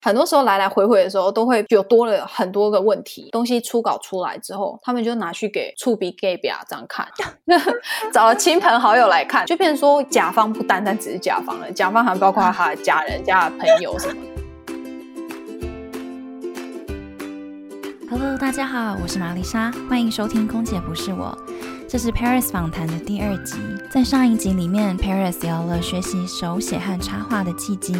很多時候來來回回的時候，都會有多了很多個問題。東西初稿出來之後，他們就拿去給處鼻 g a y i 這樣看，呵呵找了親朋好友來看，就變成說甲方不單單只是甲方了，甲方還包括他的家人、家的朋友什麼的。Hello，大家好，我是瑪麗莎，歡迎收聽《空姐不是我》。這是 Paris 訪談的第二集，在上一集裡面，Paris 聊了學習手寫和插畫的契機，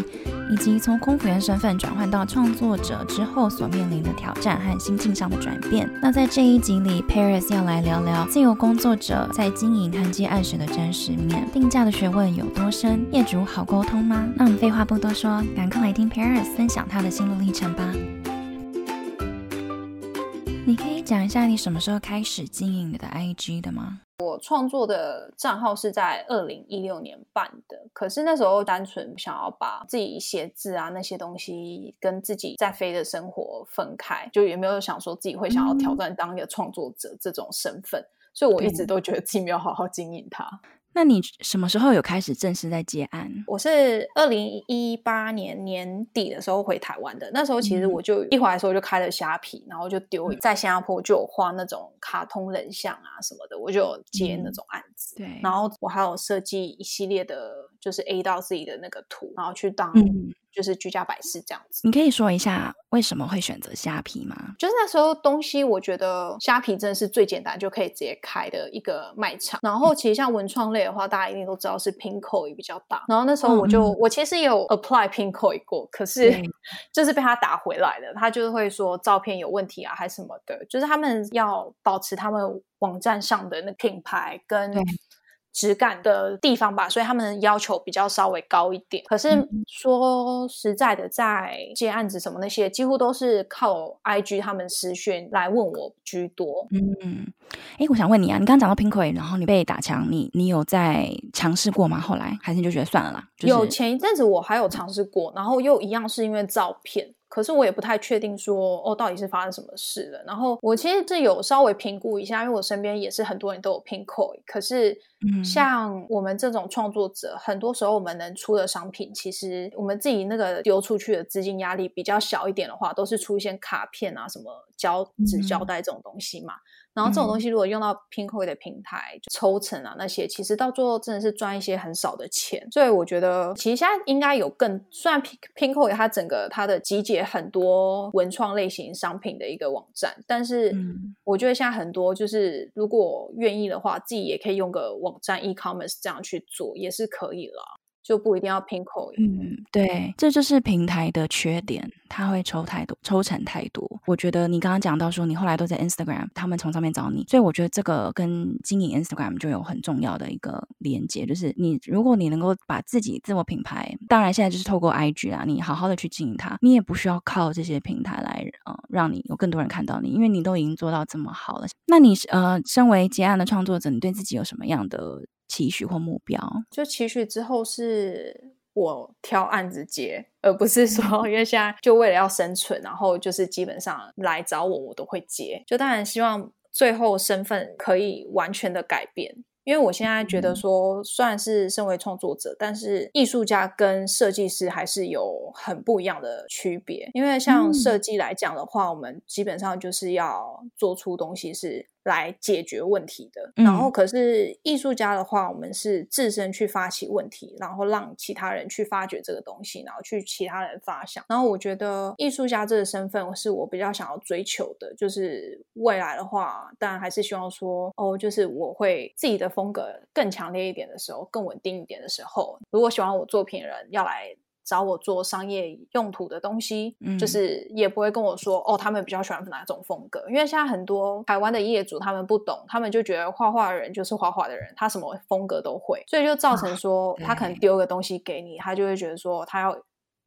以及從空服員身份轉換到創作者之後所面臨的挑戰和心境上的轉變。那在這一集裡，Paris 要來聊聊自由工作者在經營和接案時的真實面，定價的學問有多深，業主好溝通嗎？那我們廢話不多說，趕快來聽 Paris 分享他的心路歷程吧。你可以講一下你什麼時候開始經營你的 IG 的嗎？我創作的賬號是在二零一六年辦的，可是那時候單純想要把自己寫字啊那些東西跟自己在飛的生活分開，就也沒有想說自己會想要挑戰當一個創作者這種身份，所以我一直都覺得自己沒有好好經營它。那你什麼時候有開始正式在接案？我是二零一八年年底的時候回台灣的，那時候其實我就一回來的時候就開了蝦皮，嗯、然後就丟在新加坡就有畫那種卡通人像啊什麼的，我就有接那種案子。嗯、對，然後我還有設計一系列的，就是 A 到 Z 的那個圖，然後去當。嗯就是居家擺飾這樣子，你可以說一下為什麼會選擇蝦皮嗎？就是那時候東西，我覺得蝦皮真的是最簡單就可以直接開的一個賣場。然後其實像文創類的話， 大家一定都知道是 Pinkoi 也比較大。然後那時候我就、嗯、我其實有 apply Pinkoi 過，可是就是被他打回來的，他就會說照片有問題啊，還什麼的，就是他們要保持他們網站上的那品牌跟。質感的地方吧，所以他們要求比較稍微高一點。可是說實在的，在接案子什麼那些，幾乎都是靠 IG 他們私訊來問我居多。嗯，哎、欸，我想問你啊，你剛剛講到 Pinkway，然後你被打牆，你你有在嘗試過嗎？後來還是你就覺得算了啦？就是、有前一陣子我還有嘗試過，然後又一樣是因為照片。可是我也不太確定說，說哦，到底是發生什麼事了？然後我其實這有稍微評估一下，因為我身邊也是很多人都有 Pinkoi，可是，像我們這種創作者，很多時候我們能出的商品，其實我們自己那個丟出去的資金壓力比較小一點的話，都是出現卡片啊，什麼膠紙膠帶這種東西嘛。然後這種東西如果用到 Pinkoi 的平台，嗯、抽成啊那些，其實到最後真的是賺一些很少的錢。所以我覺得，其實現在應該有更雖然 Pin- Pinkoi 它，整個它的集結很多文創類型商品的一個網站，但是我覺得現在很多就是如果願意的話，自己也可以用個網站 e-commerce 這樣去做也是可以了。就不一定要拼口音，嗯，對，這就是平台的缺點，他會抽太多，抽成太多。我覺得你剛剛講到說，你後來都在 Instagram，他們從上面找你，所以我覺得這個跟經營 Instagram 就有很重要的一個連接，就是你如果你能夠把自己自我品牌，當然現在就是透過 IG 啊，你好好的去經營它，你也不需要靠這些平台來，嗯、呃，讓你有更多人看到你，因為你都已經做到這麼好了。那你呃，身為接案的創作者，你對自己有什麼樣的？期許或目標，就期許之後是我挑案子接，而不是說因為現在就為了要生存，然後就是基本上來找我，我都會接。就當然希望最後身份可以完全的改變，因為我現在覺得說，雖然、嗯、是身為創作者，但是藝術家跟設計師還是有很不一樣的區別。因為像設計來講的話，嗯、我們基本上就是要做出東西是。來解決問題的，嗯。然後可是藝術家的話，我們是自身去發起問題，然後讓其他人去發掘這個東西，然後去其他人發想。然後我覺得藝術家這個身份，是我比較想要追求的，就是未來的話，當然還是希望說，哦，就是我會自己的風格更強烈一點的時候，更穩定一點的時候，如果喜歡我作品的人要來找我做商業用途的東西，嗯、就是也不會跟我說哦，他們比較喜歡哪種風格，因為現在很多台灣的業主他們不懂，他們就覺得畫畫的人就是畫畫的人，他什麼風格都會，所以就造成說、啊、他可能丟個東西給你，他就會覺得說他要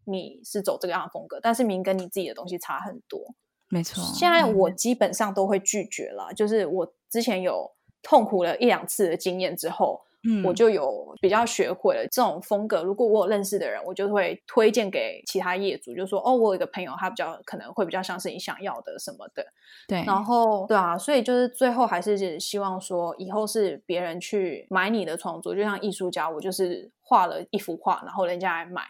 你是走這個樣的風格，但是明跟你自己的東西差很多，沒錯。現在我基本上都會拒絕了，嗯、就是我之前有痛苦了一兩次的經驗之後。嗯，我就有比較學會了這種風格。如果我有認識的人，我就會推薦給其他業主，就說：“哦，我有一個朋友，他比較可能會比較像是你想要的什麼的。”對，然後對啊，所以就是最後還是希望說，以後是別人去買你的創作，就像藝術家，我就是畫了一幅畫，然後人家來買，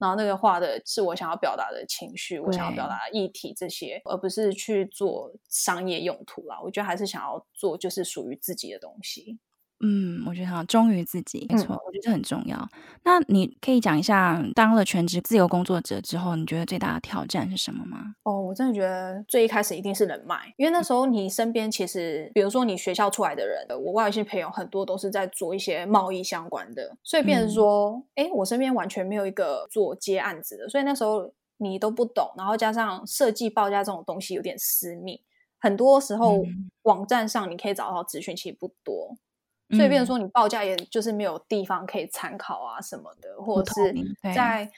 然後那個畫的是我想要表達的情緒，對我想要表達的議題這些，而不是去做商業用途啦。我覺得還是想要做就是屬於自己的東西。嗯，我覺得很忠於自己，沒錯，嗯、我覺得很重要。那你可以講一下，當了全職自由工作者之後，你覺得最大的挑戰是什麼嗎？哦，我真的覺得最一開始一定是人脈，因為那時候你身邊其實，嗯、比如說你學校出來的人，我外系朋友很多都是在做一些貿易相關的，所以變成說，哎、嗯欸，我身邊完全沒有一個做接案子的，所以那時候你都不懂，然後加上設計報價這種東西有點私密，很多時候網站上你可以找到資訊其實不多。所以，變成說你報價，也就是沒有地方可以參考啊什麼的，或者是在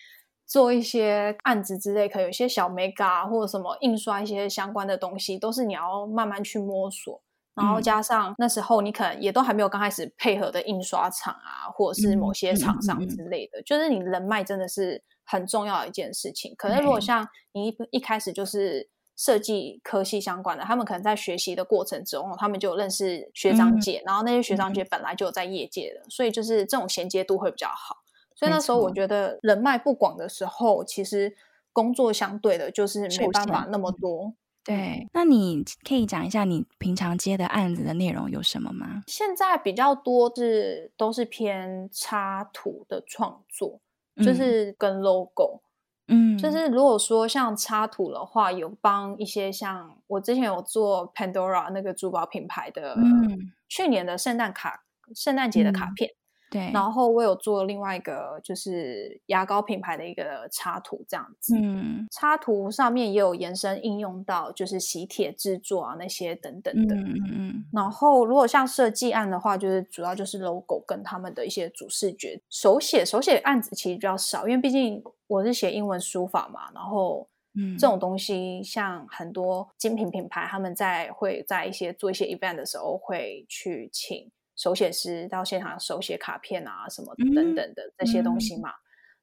做一些案子之類，可能有些小 mega 啊，或者什麼印刷一些相關的東西，都是你要慢慢去摸索。然後加上那時候你可能也都還沒有剛開始配合的印刷廠啊，或者是某些廠商之類的，就是你人脈真的是很重要的一件事情。可能如果像你一一開始就是。設計科系相關的，他們可能在學習的過程中，他們就認識學長姐，嗯、然後那些學長姐本來就有在業界的，嗯、所以就是這種銜接度會比較好。所以那時候我覺得人脈不廣的時候，沒錯。其實工作相對的就是沒辦法那麼多。是的。對，那你可以講一下你平常接的案子的內容有什麼嗎？現在比較多是都是偏插圖的創作，就是跟 logo。嗯嗯，就是如果說像插圖的話，有幫一些像我之前有做 Pandora 那個珠寶品牌的去年的聖誕卡、聖誕節的卡片。嗯對，然後我有做另外一個就是牙膏品牌的一個插圖，這樣子。嗯，插圖上面也有延伸應用到，就是喜帖製作啊那些等等的。嗯，嗯，嗯。然後，如果像設計案的話，就是主要就是 logo 跟他們的一些主視覺。手寫手寫案子其實比較少，因為畢竟我是寫英文書法嘛。然後，嗯，這種東西像很多精品品牌，他們在會在一些做一些 event 的時候會去請。手寫師到現場手寫卡片啊什麼等等的那些東西嘛，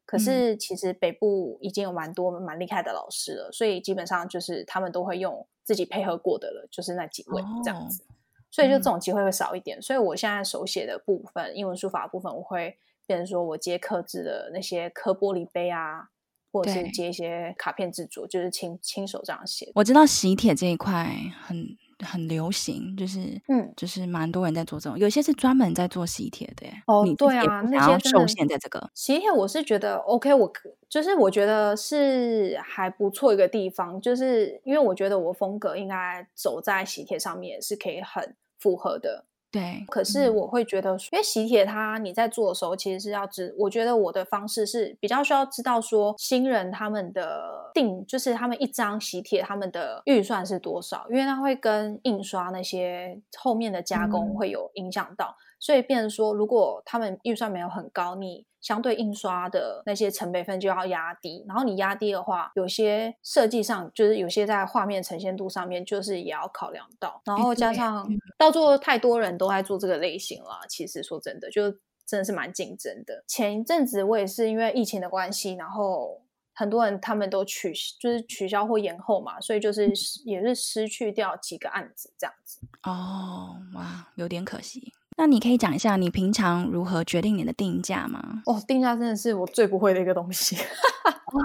可是其實北部已經有蠻多蠻厲害的老師了，所以基本上就是他們都會用自己配合過的了，就是那幾位這樣子，所以就這種機會會少一點。所以我現在手寫的部分，英文書法的部分，我會變成說我接刻字的那些刻玻璃杯啊，或者是接一些卡片制作，就是親親手這樣寫對。我知道喜帖這一塊很。很流行，就是嗯，就是蠻多人在做這種，有些是專門在做喜帖的。哦，你對啊，那些受限在這個喜帖，我是覺得 OK，我就是我覺得是還不錯一個地方，就是因為我覺得我風格應該走在喜帖上面是可以很符合的。對，可是我會覺得說，嗯、因為喜帖它，你在做的時候，其實是要知。我覺得我的方式是比較需要知道說新人他們的定，就是他們一張喜帖他們的預算是多少，因為它會跟印刷那些後面的加工會有影響到，嗯、所以變成說，如果他們預算沒有很高，你。相對印刷的那些成本分就要壓低，然後你壓低的話，有些設計上就是有些在畫面呈現度上面就是也要考量到，然後加上到做太多人都在做這個類型啦，其實說真的就真的是蠻競爭的。前一陣子我也是因為疫情的關係，然後很多人他們都取就是取消或延後嘛，所以就是也是失去掉幾個案子這樣子。哦，哇，有點可惜。那你可以講一下你平常如何決定你的定價嗎？哦，定價真的是我最不會的一個東西。 哦、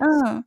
嗯，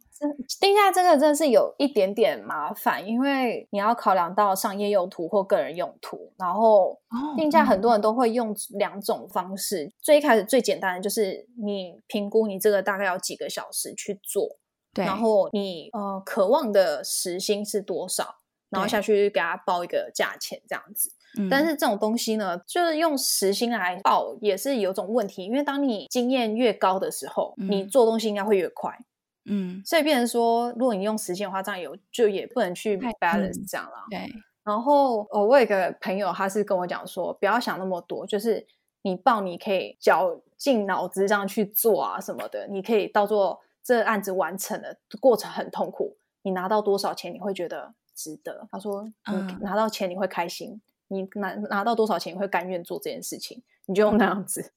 定價這個真的是有一點點麻煩，因為你要考量到商業用途或個人用途。然後定價很多人都會用兩種方式，哦嗯、最一開始最簡單的就是你評估你這個大概要幾個小時去做，對，然後你呃渴望的時薪是多少，然後下去，去給他報一個價錢對這樣子。但是這種東西呢，嗯、就是用時薪來報也是有種問題，因為當你經驗越高的時候，嗯、你做東西應該會越快，嗯，所以變成說，如果你用時間的話，這樣有就也不能去 balance 這樣了、嗯。對。然後，我我有一個朋友，他是跟我講說，不要想那麼多，就是你報你可以絞盡腦汁這樣去做啊什麼的，你可以到做這案子完成的過程很痛苦，你拿到多少錢你會覺得值得。他說，你、嗯嗯、拿到錢你會開心。你拿拿到多少錢會甘願做這件事情？你就用那樣子，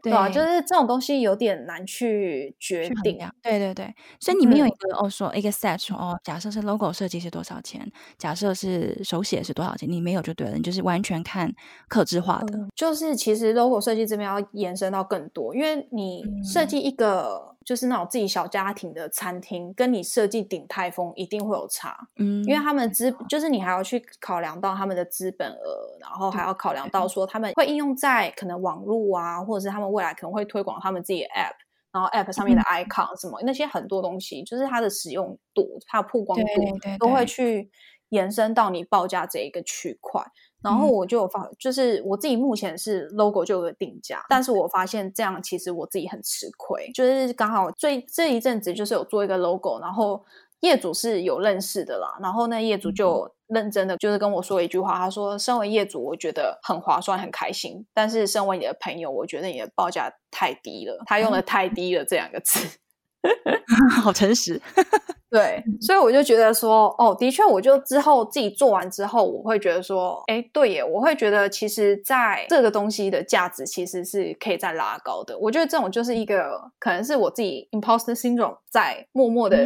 對，對、啊、就是這種東西有點難去決定。對對對，所以你沒有一個、嗯、哦說一個 set 哦，假設是 logo 設計是多少錢，假設是手寫是多少錢，你沒有就對了，你就是完全看客製化的、嗯。就是其實 logo 設計這邊要延伸到更多，因為你設計一個。嗯就是那種自己小家庭的餐廳，跟你設計鼎泰豐一定會有差，嗯，因為他們資好就是你還要去考量到他們的資本額，然後還要考量到說他們會應用在可能網絡啊，或者是他們未來可能會推廣他們自己的 app，然後 app 上面的 icon 什麼、嗯、那些很多東西，就是它的使用度、它的曝光度對對對對都會去。延伸到你報價這一個區塊，然後我就發，嗯、就是我自己目前是 logo 就有個定價，但是我發現這樣其實我自己很吃虧。就是剛好最這一陣子就是有做一個 logo，然後業主是有認識的啦，然後那業主就認真的就是跟我說一句話，他說：“身為業主，我覺得很划算，很開心。但是身為你的朋友，我覺得你的報價太低了。”他用的“太低了”嗯、這兩個字。 好誠實， 對，所以我就覺得說，哦，的確，我就之後自己做完之後，我會覺得說，哎，對耶，我會覺得其實在這個東西的價值其實是可以再拉高的。我覺得這種就是一個可能是我自己 impostor syndrome 在默默的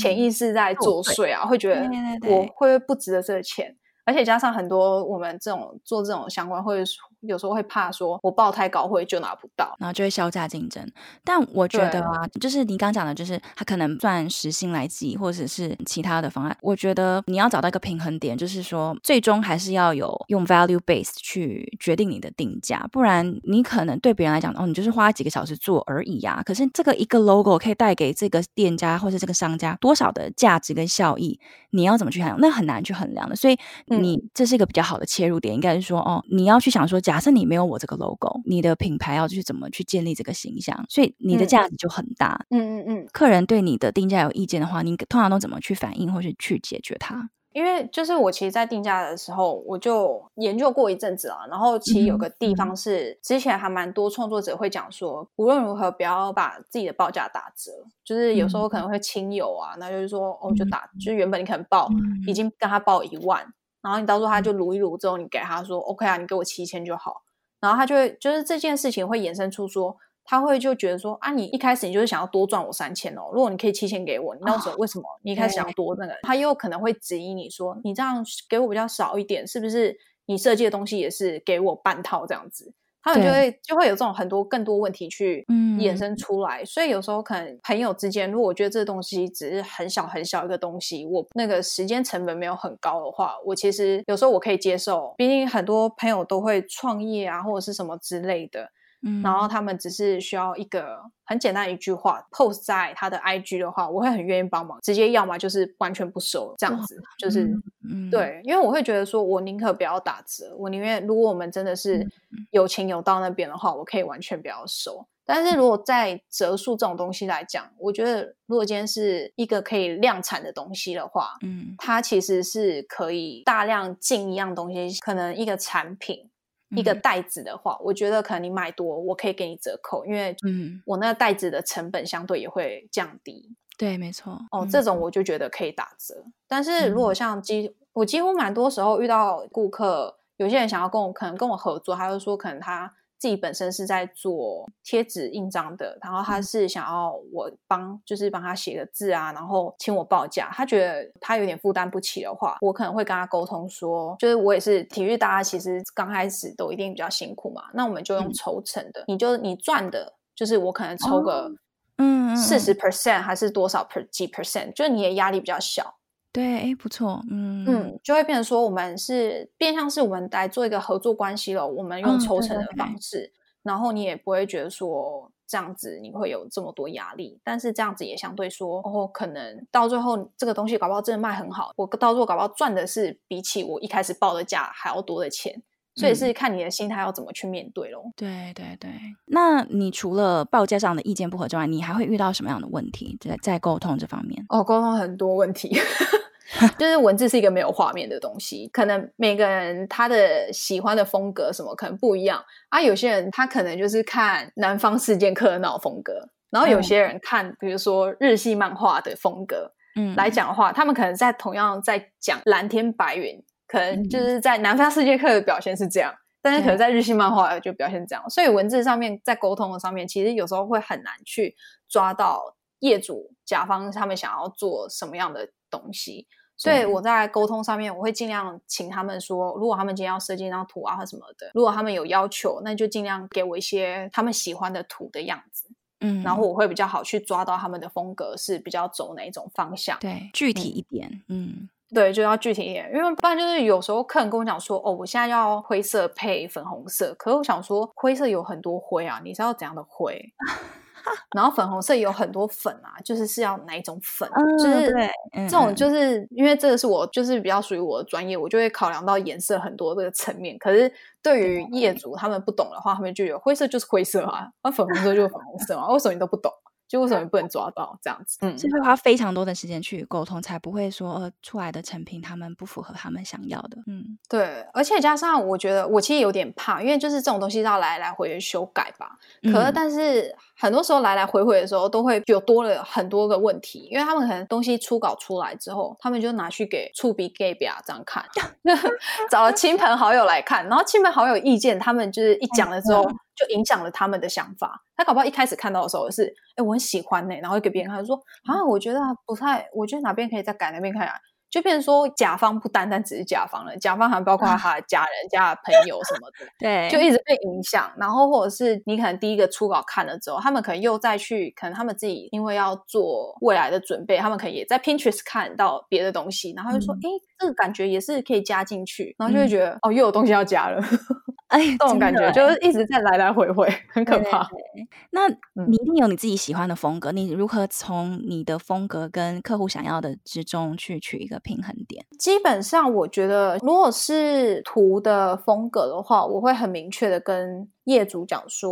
潛意識在作祟啊，嗯、會覺得我會不值得這個錢。嗯哦而且加上很多我們這種做這種相關會，有時候會怕說我報太高會就拿不到，然後就會削價競爭。但我覺得啊，對就是你剛講的，就是他可能算時薪來計，或者是,是其他的方案。我覺得你要找到一個平衡點，就是說最終還是要有用 value base 去決定你的定價，不然你可能對別人來講，哦，你就是花幾個小時做而已啊。可是這個一個 logo 可以帶給這個店家或是這個商家多少的價值跟效益，你要怎麼去衡量？那很難去衡量的，所以。你這是一個比較好的切入點，應該是說，哦，你要去想說，假設你沒有我這個 logo，你的品牌要去怎麼去建立這個形象，所以你的價值就很大。嗯嗯嗯，嗯嗯嗯，客人對你的定價有意見的話，你通常都怎麼去反應或是去解決它？因為就是我其實，在定價的時候，我就研究過一陣子啊。然後其實有個地方是，嗯、之前還蠻多創作者會講說，無論如何不要把自己的報價打折。就是有時候可能會親友啊，那、嗯、就是說哦，就打，嗯、就是原本你可能報、嗯、已經跟他報一萬。然後你到時候他就滷一滷之後，你給他說 OK 啊，你給我七千就好。然後他就會就是這件事情會衍生出說，他會就覺得說啊，你一開始你就是想要多賺我三千哦。如果你可以七千給我，你那時候為什麼你一開始想要多那個？Oh, okay. 他又可能會質疑你說，你這樣給我比較少一點，是不是你設計的東西也是給我半套這樣子？他們就會對就會有這種很多更多問題去衍生出來，嗯，所以有時候可能朋友之間，如果我覺得這個東西只是很小很小一個東西，我那個時間成本沒有很高的話，我其實有時候我可以接受。畢竟很多朋友都會創業啊，或者是什麼之類的。嗯、然後他們只是需要一個很簡單一句話，post 在他的 IG 的話，我會很願意幫忙。直接要麼就是完全不收這樣子，哇就是、嗯嗯、對，因為我會覺得說，我寧可不要打折，我寧願如果我們真的是有情有到那邊的話，我可以完全不要收。但是如果在折數這種東西來講，我覺得如果今天是一個可以量產的東西的話，嗯，它其實是可以大量進一樣東西，可能一個產品。一個袋子的話，嗯、哼我覺得可能你買多，我可以給你折扣，因為嗯哼，我那個袋子的成本相對也會降低。對，沒錯。哦，嗯、哼這種我就覺得可以打折。但是如果像幾，嗯、哼我幾乎蠻多時候遇到顧客，有些人想要跟我可能跟我合作，他就說可能他。自己本身是在做貼紙印章的，然後他是想要我幫，就是幫他寫個字啊，然後請我報價。他覺得他有點負擔不起的話，我可能會跟他溝通說，就是我也是體育大家其實剛開始都一定比較辛苦嘛。那我們就用抽成的，你就你賺的，就是我可能抽個40，嗯，四十 percent 還是多少 per 幾 percent，就是你的壓力比較小。對，哎，不錯，嗯嗯，就會變成說我們是變相是我們來做一個合作關係了，我們用抽成的方式，嗯 okay，然後你也不會覺得說這樣子你會有這麼多壓力，但是這樣子也相對說哦，可能到最後這個東西搞不好真的賣很好，我到最後搞不好賺的是比起我一開始報的價還要多的錢，所以是看你的心態要怎麼去面對咯。嗯、對對對，那你除了報價上的意見不合之外，你還會遇到什麼樣的問題，在在溝通這方面？哦，溝通很多問題。 就是文字是一個沒有畫面的東西，可能每個人他的喜歡的風格什麼可能不一樣啊。有些人他可能就是看《南方四賤客》的那種風格，然後有些人看比如說日系漫畫的風格。嗯，來講的話，嗯、他們可能在同樣在講藍天白雲，嗯、可能就是在《南方四賤客》的表現是這樣，但是可能在日系漫畫就表現這樣。嗯、所以文字上面在溝通的上面，其實有時候會很難去抓到。業主、甲方他們想要做什麼樣的東西，所以我在溝通上面，我會盡量請他們說，如果他們今天要設計一張圖啊或什麼的，如果他們有要求，那就盡量給我一些他們喜歡的圖的樣子。嗯，然後我會比較好去抓到他們的風格是比較走哪一種方向。對，具體一點。嗯，嗯對，就要具體一點，因為不然就是有時候客人跟我講說，哦，我現在要灰色配粉紅色，可是我想說灰色有很多灰啊，你知道怎樣的灰？ 然後粉紅色也有很多粉啊，就是是要哪種粉？嗯、就是對這種，就是嗯嗯因為這個是我就是比較屬於我的專業，我就會考量到顏色很多的這個層面。可是對於業主他們不懂的話，對他們就有灰色就是灰色啊；那粉紅色就是粉紅色啊。為什 麼你都不懂、啊？就為什麼你不能抓到這樣子？嗯，是會花非常多的時間去溝通，才不會說出來的成品他們不符合他們想要的。嗯，對。而且加上我覺得我其實有點怕，因為就是這種東西要來來回修改吧。嗯、可但是。很多時候來來回回的時候，都會有多了很多個問題，因為他們可能東西初稿出來之後，他們就拿去給厝邊隔壁這樣看呵呵，找了親朋好友來看，然後親朋好友意見，他們就是一講了之後，就影響了他們的想法。他搞不好一開始看到的時候是，哎，我很喜歡呢，然後給別人看說，啊，我覺得不太，我覺得哪邊可以再改哪邊看呀、啊就變成說，甲方不單單只是甲方了，甲方還包括他的家人、 家的朋友什麼的。 對，就一直被影響。然後，或者是你可能第一個初稿看了之後，他們可能又再去，可能他們自己因為要做未來的準備，他們可能也在 Pinterest 看到別的東西，然後就說：“哎、嗯欸，這個感覺也是可以加進去。”然後就會覺得：“嗯、哦，又有東西要加了。 ”哎，這種感覺就是一直在來來回回，很可怕。對對對。那你一定有你自己喜歡的風格，嗯，你如何從你的風格跟客戶想要的之中去取一個平衡點？基本上，我覺得如果是圖的風格的話，我會很明確的跟業主講說：“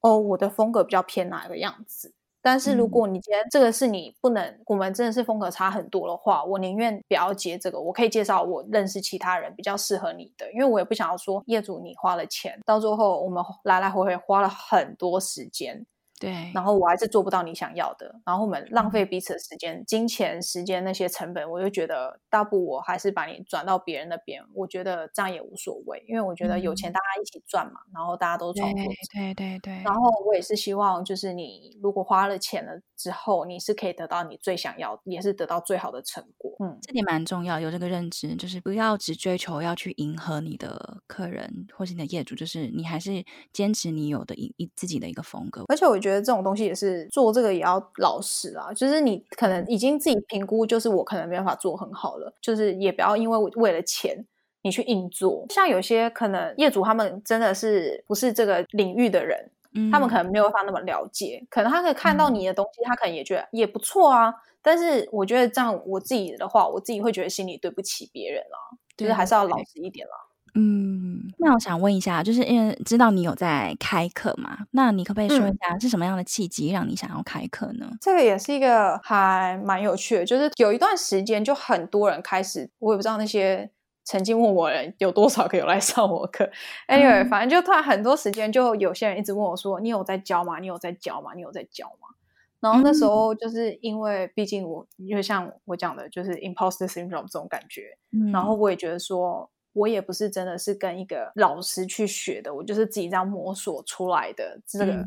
哦，我的風格比較偏哪個樣子。”但是如果你覺得這個是你不能，我們真的是風格差很多的話，我寧願不要接這個。我可以介紹我認識其他人比較適合你的，因為我也不想要說業主你花了錢，到最後我們來來回回花了很多時間。對，然後我還是做不到你想要的，然後我們浪費彼此的時間、金錢、時間那些成本，我就覺得大不，我還是把你轉到別人那邊，我覺得這樣也無所謂，因為我覺得有錢大家一起賺嘛，嗯，然後大家都賺。對對對，對對對。然後我也是希望，就是你如果花了錢了之後，你是可以得到你最想要的，也是得到最好的成果。嗯，這點蠻重要，有這個認知，就是不要只追求要去迎合你的客人或是你的業主，就是你還是堅持你有的一一自己的一個風格，而且我。覺得這種東西也是做這個也要老實啊，就是你可能已經自己評估，就是我可能沒辦法做很好了，就是也不要因為為了錢你去硬做。像有些可能業主他們真的是不是這個領域的人，他們可能沒有辦法那麼了解，嗯、可能他可以看到你的東西，他可能也覺得也不錯啊。但是我覺得這樣，我自己的話，我自己會覺得心裡對不起別人啊。就是還是要老實一點啦。嗯，那我想問一下，就是因為知道你有在開課嘛？那你可不可以說一下是什麼樣的契機、嗯、讓你想要開課呢？這個也是一個還蠻有趣的，就是有一段時間就很多人開始，我也不知道那些曾經問我的人有多少個有來上我課，哎、anyway, 嗯，反正就突然很多時間就有些人一直問我說：“你有在教嗎？你有在教嗎？你有在教嗎？”然後那時候就是因為，畢竟我因為像我講的，就是 impostor syndrome 這種感覺，嗯、然後我也覺得說。我也不是真的是跟一個老師去學的，我就是自己這樣摸索出來的。嗯、這個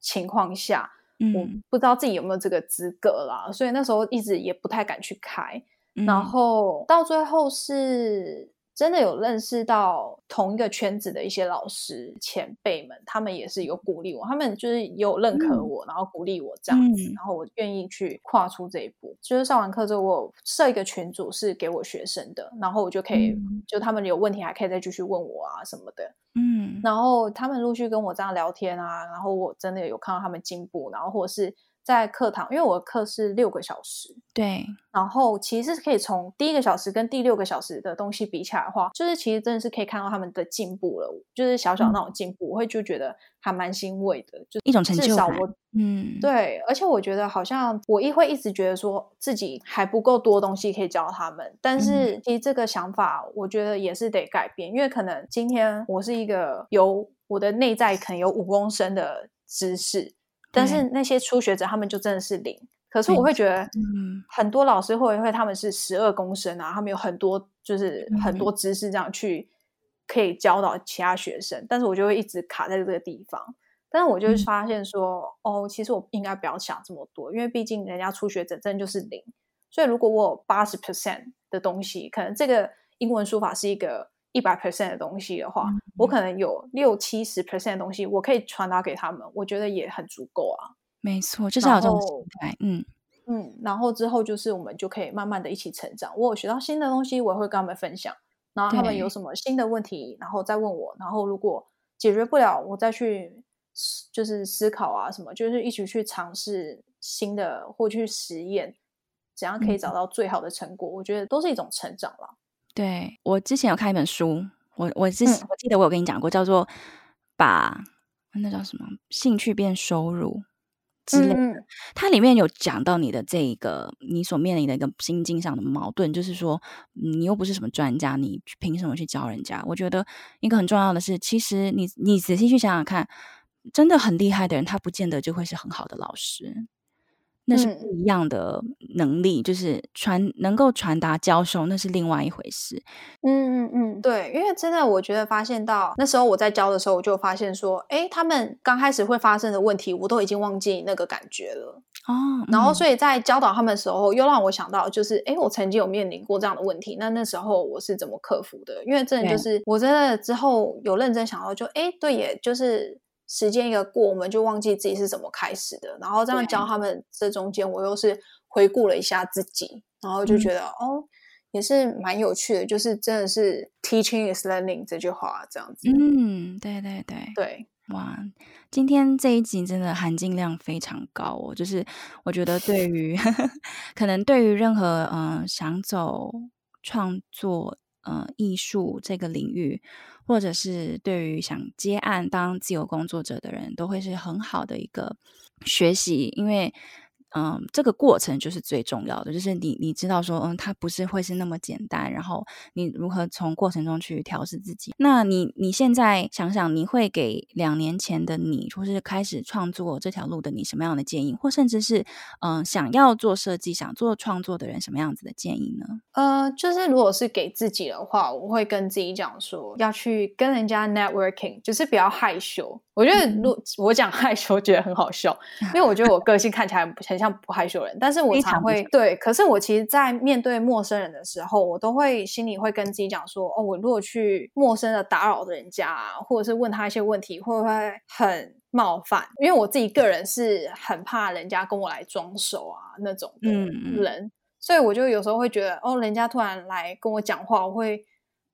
情況下，嗯、我不知道自己有沒有這個資格啦，所以那時候一直也不太敢去開。嗯、然後到最後是。真的有認識到同一個圈子的一些老師前輩們，他們也是有鼓勵我，他們就是有認可我，嗯、然後鼓勵我這樣子，然後我願意去跨出這一步。就是上完課之後，我設一個群組是給我學生的，然後我就可以，嗯、就他們有問題還可以再繼續問我啊什麼的。嗯，然後他們陸續跟我這樣聊天啊，然後我真的有看到他們進步，然後或者是。在課堂，因為我的課是六個小時，對，然後其實是可以從第一個小時跟第六個小時的東西比起來的話，就是其實真的是可以看到他們的進步了，就是小小那種進步，我會就覺得還蠻欣慰的，就一種成就感對嗯，對，而且我覺得好像我一會一直覺得說自己還不夠多東西可以教他們，但是其實這個想法我覺得也是得改變，因為可能今天我是一個有我的內在可能有五公升的知識。但是那些初學者，他們就真的是零。嗯、可是我會覺得，很多老師會會他們是十二公升啊，他們有很多就是很多知識這樣去可以教導其他學生。但是我就會一直卡在這個地方。但是我就會發現說，嗯、哦，其實我應該不要想這麼多，因為畢竟人家初學者真的就是零。所以如果我有八十 percent 的東西，可能這個英文書法是一個。一百 percent 的東西的話，嗯、我可能有六七十 percent 的東西，我可以傳達給他們，我覺得也很足夠啊。沒錯，就是有這種狀態。後嗯嗯，然後之後就是我們就可以慢慢的一起成長。我有學到新的東西，我也會跟他們分享。然後他們有什麼新的問題，然後再問我。對然後如果解決不了，我再去就是思考啊什麼，就是一起去嘗試新的，或去實驗怎樣可以找到最好的成果。嗯、我覺得都是一種成長啦。對，我之前有看一本書，我我記我記得我有跟你講過，嗯、叫做把那叫什麼興趣變收入之類的，嗯、它裡面有講到你的這一個你所面臨的一個心境上的矛盾，就是說你又不是什麼專家，你憑什麼去教人家？我覺得一個很重要的是，其實你你仔細去想，想想看，真的很厲害的人，他不見得就會是很好的老師。那是不一樣的能力，嗯、就是傳能夠傳達教授，那是另外一回事。嗯嗯嗯，對，因為真的，我覺得發現到那時候我在教的時候，我就發現說，哎、欸，他們剛開始會發生的問題，我都已經忘記那個感覺了。哦，嗯、然後所以在教導他們的時候，又讓我想到，就是哎、欸，我曾經有面臨過這樣的問題，那那時候我是怎麼克服的？因為真的就是，對我真的之後有認真想到就，就、欸、哎，對耶，也就是。時間一個過，我們就忘記自己是怎麼開始的。然後這樣教他們，這中間對我又是回顧了一下自己，然後就覺得、嗯、哦，也是蠻有趣的。就是真的是 teaching is learning 這句話這樣子。嗯，對對對對，哇，今天這一集真的含金量非常高哦。就是我覺得對於 可能對於任何嗯、呃、想走創作。嗯，藝術、呃、這個領域，或者是對於想接案當自由工作者的人，都會是很好的一個學習，因為。嗯，這個過程就是最重要的，就是你你知道說，嗯，它不是會是那麼簡單，然後你如何從過程中去調試自己？那你你現在想想，你會給兩年前的你，或是開始創作這條路的你，什麼樣的建議？或甚至是，嗯，想要做設計、想做創作的人，什麼樣子的建議呢？呃，就是如果是給自己的話，我會跟自己講說，要去跟人家 networking，就是比較害羞。我覺得，如、嗯、我講害羞，我覺得很好笑，因為我覺得我個性看起來很不像。不害羞人，但是我常會對。可是我其實，在面對陌生人的時候，我都會心裡會跟自己講說：哦，我如果去陌生的打擾人家，或者是問他一些問題，會不會很冒犯？因為我自己個人是很怕人家跟我來裝熟啊那種的人，嗯、所以我就有時候會覺得，哦，人家突然來跟我講話，我會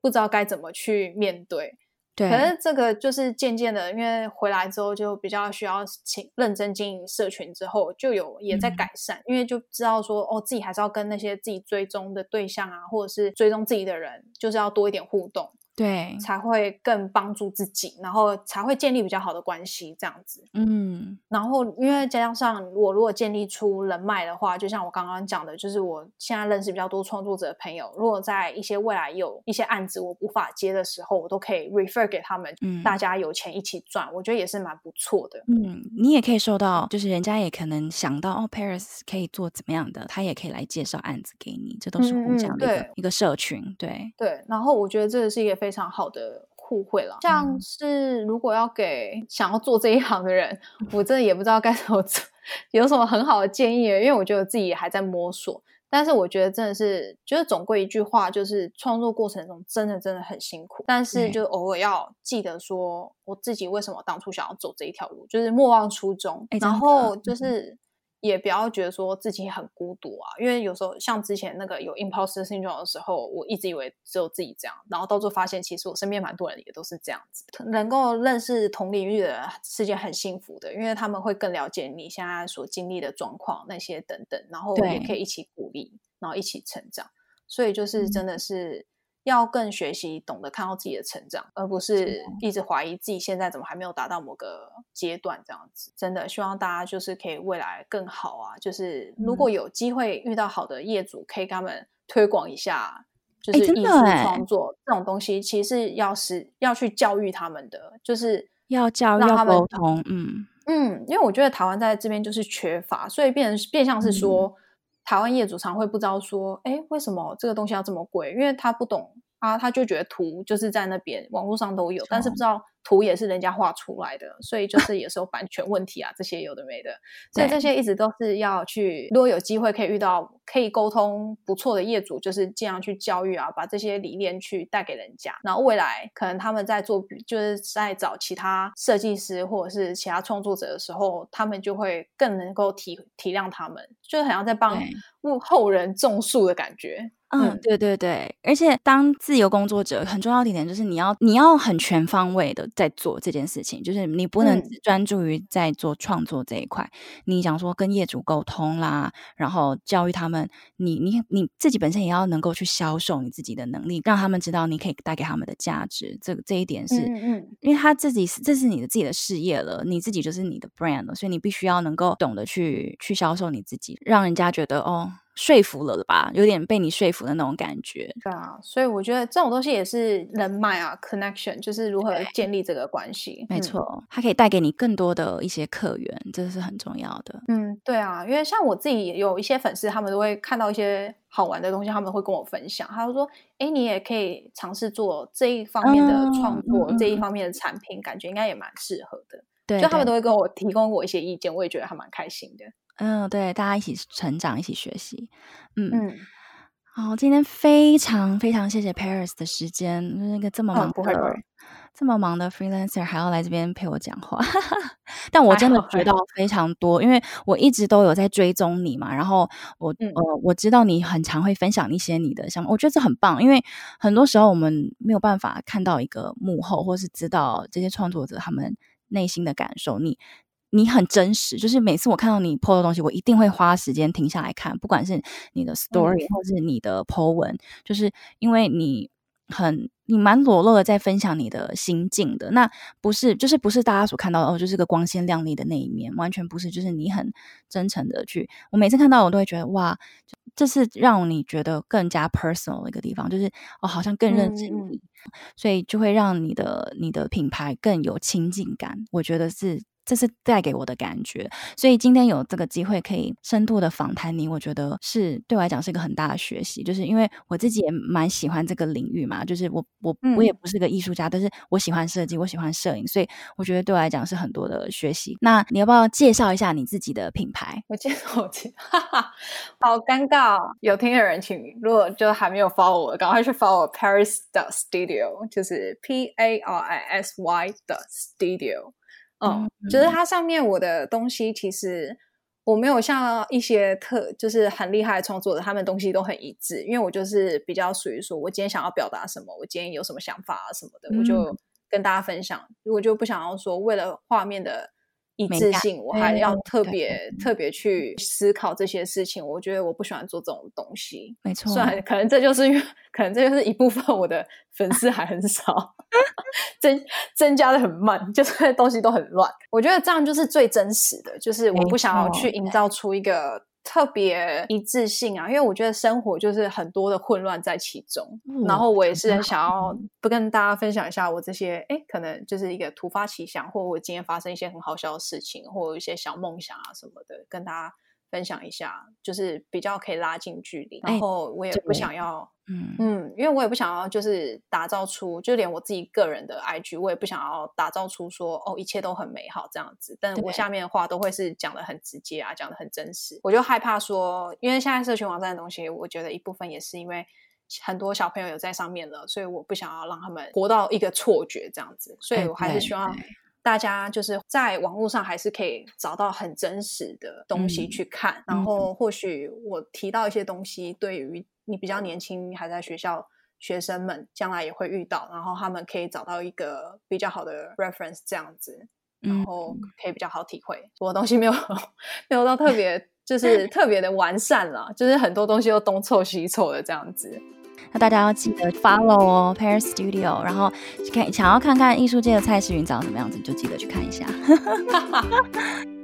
不知道該怎麼去面對。對可是這個就是漸漸的，因為回來之後就比較需要請認真經營社群之後，就有也在改善，嗯，因為就知道說哦，自己還是要跟那些自己追蹤的對象啊，或者是追蹤自己的人，就是要多一點互動，對，才會更幫助自己，然後才會建立比較好的關係，這樣子，嗯。然後，因為加上我如果建立出人脈的話，就像我剛剛講的，就是我現在認識比較多創作者的朋友，如果在一些未來有一些案子我無法接的時候，我都可以 refer 給他們，嗯，大家有錢一起賺，我覺得也是蠻不錯的。嗯，你也可以受到，就是人家也可能想到哦，Paris 可以做怎麼樣的，他也可以來介紹案子給你，這都是互相的一個，嗯，一個社群，對對。然後我覺得這是一個非常好的。互惠了，像是如果要給想要做這一行的人，我真的也不知道該怎麼做， 有什麼很好的建議？因為我覺得自己也還在摸索，但是我覺得真的是，就是總歸一句話，就是創作過程中真的真的很辛苦，但是就偶爾要記得說，我自己為什麼當初想要走這一條路，就是莫忘初衷，然後就是。也不要覺得說自己很孤獨啊，因為有時候像之前那個有 imposter syndrome 的時候，我一直以為只有自己這樣，然後到時候發現，其實我身邊蠻多人也都是這樣子。能夠認識同領域的人，世界很幸福的，因為他們會更了解你現在所經歷的狀況那些等等，然後也可以一起鼓勵，對然後一起成長。所以就是真的是。嗯要更學習，懂得看到自己的成長，而不是一直懷疑自己現在怎麼還沒有達到某個階段這樣子。真的希望大家就是可以未來更好啊！就是如果有機會遇到好的業主，嗯、可以給他們推廣一下，就是藝術創作、欸欸、這種東西，其實是要是要去教育他們的，就是讓他們要教育、他們溝通，嗯嗯，因為我覺得台灣在這邊就是缺乏，所以變變相是說。嗯台灣業主常會不知道說，哎、欸，為什麼這個東西要這麼貴？因為他不懂啊，他就覺得圖就是在那邊網絡上都有，但是不知道圖也是人家畫出來的，所以就是，是有時候版權問題啊， 這些有的沒的，所以這些一直都是要去，如果有機會可以遇到。可以溝通不錯的業主，就是盡量去教育啊，把這些理念去帶給人家。然後未來可能他們在做，就是在找其他設計師或者是其他創作者的時候，他們就會更能夠體體諒他們，就是好像在幫後人種樹的感覺。嗯，嗯，對對對。而且當自由工作者，很重要的一點就是你要你要很全方位的在做這件事情，就是你不能專注於在做創作這一塊。嗯，你想說跟業主溝通啦，然後教育他們。你你你自己本身也要能夠去銷售你自己的能力，讓他們知道你可以帶給他們的價值。這這一點是，因為他自己這是你的自己的事業了，你自己就是你的 brand 了，所以你必須要能夠懂得去去銷售你自己，讓人家覺得哦。說服了的吧？有點被你說服的那種感覺。對啊，所以我覺得這種東西也是人脈啊，connection，就是如何建立這個關係。沒錯，嗯、它可以帶給你更多的一些客源，這是很重要的。嗯，對啊，因為像我自己也有一些粉絲，他們都會看到一些好玩的東西，他們會跟我分享，他就說：“哎，你也可以嘗試做這一方面的創作，嗯、這一方面的產品，感覺應該也蠻適合的。”對，對，就他們都會跟我提供我一些意見，我也覺得還蠻開心的。嗯、哦，對，大家一起成長，一起學習。嗯嗯，好，今天非常非常謝謝 Paris 的時間，那、就是、個這麼忙的，oh, okay. 這麼忙的 freelancer 還要來這邊陪我講話。 但我真的覺得非常多，oh, okay. 因為我一直都有在追蹤你嘛，然後我、嗯呃、我知道你很常會分享一些你的項目，我覺得這很棒，因為很多時候我們沒有辦法看到一個幕後，或是知道這些創作者他們內心的感受。你。你很真實，就是每次我看到你 Po 的東西，我一定會花時間停下來看，不管是你的 story、嗯、或是你的 Po 文，就是因為你很你蠻裸露的在分享你的心境的，那不是就是不是大家所看到的哦，就是個光鮮亮麗的那一面，完全不是，就是你很真誠的去，我每次看到我都會覺得哇，這是讓你覺得更加 personal 的一個地方，就是我、哦、好像更認識你，嗯嗯、所以就會讓你的你的品牌更有親近感，我覺得是。這是帶給我的感覺，所以今天有這個機會可以深度的訪談你，我覺得是對我來講是一個很大的學習。就是因為我自己也蠻喜歡這個領域嘛，就是我我、嗯、我也不是個藝術家，但是我喜歡設計，我喜歡攝影，所以我覺得對我來講是很多的學習。那你要不要介紹一下你自己的品牌？我介紹我自己，哈哈，好尷尬。有聽的人請你，如果就還沒有 follow 我，趕快去 follow Paris 的 Studio，就是 P A R I S Y 的 Studio。嗯、哦，就是它上面我的東西，其實我沒有像一些特就是很厲害的創作者，他們東西都很一致，因為我就是比較屬於說，我今天想要表達什麼，我今天有什麼想法啊什麼的，嗯、我就跟大家分享。我就不想要說，為了畫面的。一致性，幹我還要特別對特別去思考這些事情。我覺得我不喜歡做這種東西，沒錯。算可能這就是，可能這就是一部分我的粉絲還很少， 增、增加的很慢，就是東西都很亂。 我覺得這樣就是最真實的，就是我不想要去營造出一個錯。特別一致性啊，因為我覺得生活就是很多的混亂在其中。嗯、然後我也是很想要不跟大家分享一下我這些，哎、嗯，可能就是一個突發奇想，或者我今天發生一些很好笑的事情，或者一些小夢想啊什麼的，跟大家。分享一下，就是比較可以拉近距離。然後我也不想要，欸、嗯，嗯，因為我也不想要，就是打造出，就連我自己個人的 IG，我也不想要打造出說，哦，一切都很美好這樣子。但我下面的話都會是講得很直接啊，講得很真實。我就害怕說，因為現在社群網站的東西，我覺得一部分也是因為很多小朋友有在上面了，所以我不想要讓他們活到一個錯覺這樣子。所以我還是希望、欸。大家就是在網絡上還是可以找到很真實的東西去看，嗯、然後或許我提到一些東西，對於你比較年輕還在學校學生們，將來也會遇到，然後他們可以找到一個比較好的 reference 這樣子，然後可以比較好體會。我的東西沒有沒有到特別， 就是特別的完善了，就是很多東西都東湊西湊的這樣子。那大家要記得 follow 哦，Paris Studio，然後看想要看看藝術界的蔡詩芸長什麼樣子，就記得去看一下。哈哈哈哈。